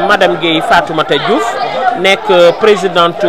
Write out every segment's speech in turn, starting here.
madame Guèye Fatoumata Diouf nekk présidente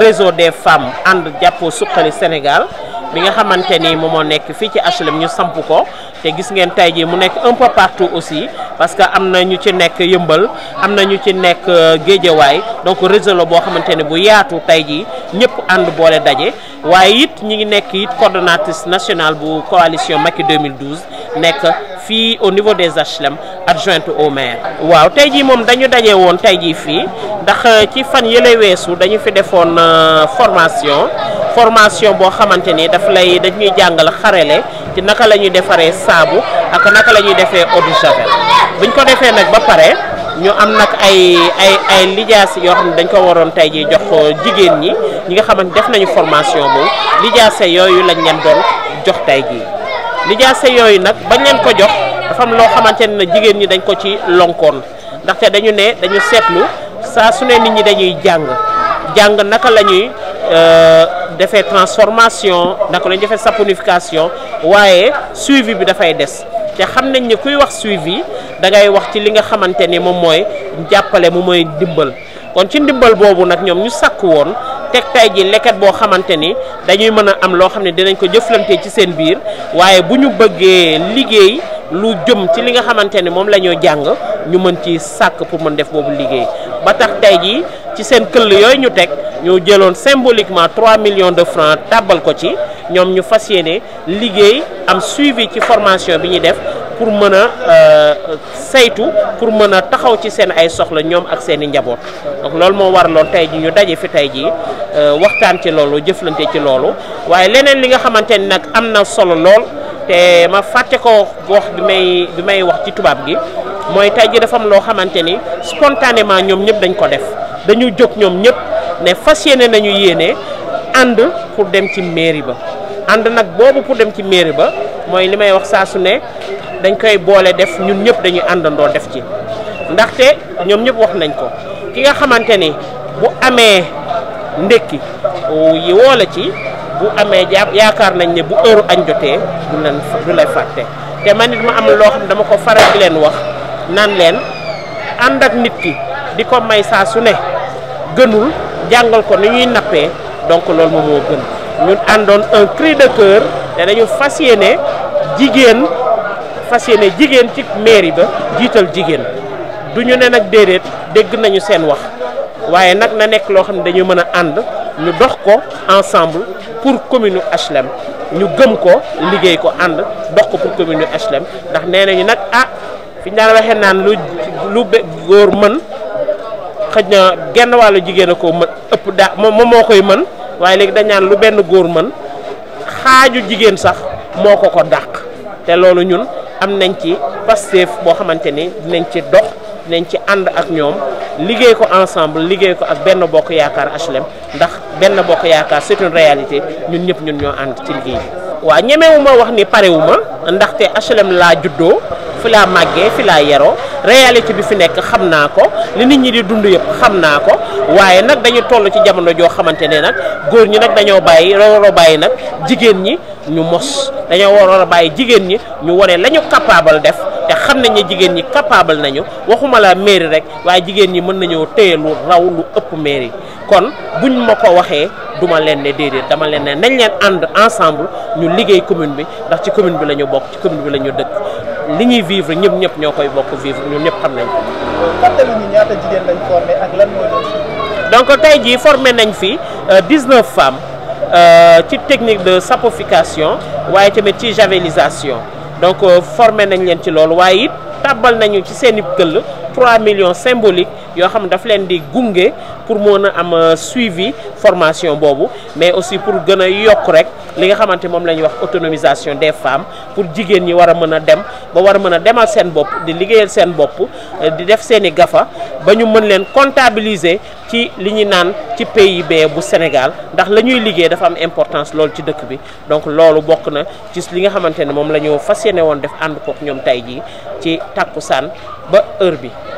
réseau des femmes ànd jàppoo suqali Sénégal bi nga xamante ni moom moo nekk fii ci HLM ñu samp ko te gis ngeen tey jii mu nekk un peu partout aussi parce que am na ñu ci nekk yëmbal am na ñu ci nekk euh, géejawaay donc réseau la boo xamante ne bu yaatu tey jii ñëpp ànd boole daje waaye it ñi ngi nekk it coordonnatrice nationale bu coalition Macky 2012 nekk fii au niveau des HLM adjointe au maire. waaw tey jii moom dañu daje woon tey jii fii ndax euh, ci fan yële weesu dañu fi defoon euh, formation formation boo xamante ni daf lay dañuy jàngal xarele ci naka la ñuy defaree saabu ak naka la ñuy defee eau de buñ ko defee nag ba pare ñu am nag ay ay ay lijaas yoo xam ne dañ ko waroon tey ji jox euh, jigéen ñi ñi nga xamante def nañu formation boobu lijaase yooyu lañ leen doon jox tey jii lijaase yooyu nag bañ leen ko jox. dafa am loo xamante na jigéen ñi dañ ko ci lonkoon ndaxte dañu ne dañu seetlu saa su ne nit ñi dañuy jàng jàng naka la ñuy euh, defee transformation naka la defee saponification waaye suivi bi dafay des te xam nañ ni kuy wax suivi da ngay wax ci li nga xamante ni moom mooy jàppale mu mooy dimbal kon ci ndimbal boobu nag ñoom ñu sàkk woon teg tay ji leket boo xamante ni dañuy mën a am loo xam ne dinañ ko jëflante ci seen biir waaye bu ñu bëggee liggéey lu jëm ci li nga xamante ne moom la jàng ñu mën ci sàkk pour mën def boobu liggéey ba tax tey jii ci seen këll yooyu ñu teg ñoo jëloon symboliquement 3 millions de francs tàbbal ko ci ñoom ñu fas yéene liggéey am suivi ci formation bi ñuy def pour mën a euh, saytu pour mën a taxaw ci seen ay soxla ñoom ak seen i njaboot donc loolu moo waraloon tey ji ñu daje fi tey jii euh, waxtaan ci loolu jëflante ci loolu waaye leneen li nga xamante nag am na solo lool. te ma fàtte ko wax bi may bi may wax ci tubaab gi mooy tay ji dafa loo xamante ni spontanément ñoom ñëpp dañ ko def dañu jóg ñoom ñëpp ne fas yéene nañu yéene ànd pour dem ci mairie ba ànd nag boobu pour dem ci mairie ba mooy li may wax saa su ne dañ koy boole def ñun ñëpp dañuy àndandoo def ci ndaxte ñoom ñëpp wax nañ ko ki nga xamante ni bu amee ndékki woo la ci bu amee yaakaar nañ ne bu heure añ jotee du leen du lay fàtte te man nit ma am loo xam dama ko faral di leen wax naan leen ànd ak nit ki di ko may saa su ne gënul jàngal ko ni ñuy nappee donc loolu moom moo gën ñun àndoon un cri de cœur te dañu fas yéene jigéen fas yéene jigéen ci mairie ba jiital jigéen du ñu ne nag déedéet dégg nañu seen wax waaye nag na nekk loo xam ne dañu mën a ànd ñu dox ko ensemble pour commune HLM ñu gëm ko liggéey ko ànd dox ko pour commune HLM ndax nee nañu nag ah fi ñu daan waxee naan lu lu góor mën xëj na genn wàllu jigéen a ko koy mën waaye léegi dañ naan lu benn góor mën xaaju jigéen sax moo ko ko dàq te loolu ñun am nañ ci Pastef boo xamante ni dinañ ci dox. dinañ ci ànd ak ñoom liggéey ko ensemble liggéey ko ak benn bokk yaakaar HLM ndax benn bokk yaakaar c'est une réalité ñun ñëpp ñun ñoo ànd ci liggéey bi. wax ni parewuma ndaxte HLM laa juddoo fi màggee fi laa réalité bi fi nekk xam naa ko li nit ñi di dund yëpp xam naa ko waaye nag dañu toll ci jamono joo xamante ne nag góor ñi nag dañoo bàyyi war a bàyyi nag jigéen ñi ñu mos dañoo war a bàyyi jigéen ñi ñu wane la ñu capable def. xam nañ ne jigéen ñi capable nañu waxuma la mairie rek waaye jigéen ñi mën nañoo téye lu raw lu ëpp mairie kon buñ ma ko waxee duma leen ne déedéet dama leen ne nañ leen ànd ensemble ñu liggéey commune bi ndax ci commune bi lañu ñu bokk ci commune bi la ñu dëkk li ñuy vivre ñëpp ñëpp ñoo koy bokk vivre ñun népp xam nañ donc tey jii forme nañ fi 19 euh, femmes euh, ci technique de saponification waaye tamit ci javelisation. donc euh, formé nañ leen ci loolu waaye it tàbbal nañu ci seen i këll 3 millions symboliques yoo xam daf leen di gunge pour mën a am euh, suivi formation boobu mais aussi pour gën a yokk rek li nga xamante moom la ñuy wax autonomisation des femmes pour jigéen ñi war a mën a dem ba war a mën a demal seen bopp di liggéeyal seen bopp euh, di def seen i gafa ba ñu mën leen contabiliser ci li ñuy naan ci PIB bu Sénégal ndax la ñuy liggéey dafa am importance loolu ci dëkk bi donc loolu bokk na ci li nga xamante ne moom la ñu fas yéene woon def ànd kook ñoom tey jii ci tàkkusaan ba heure bi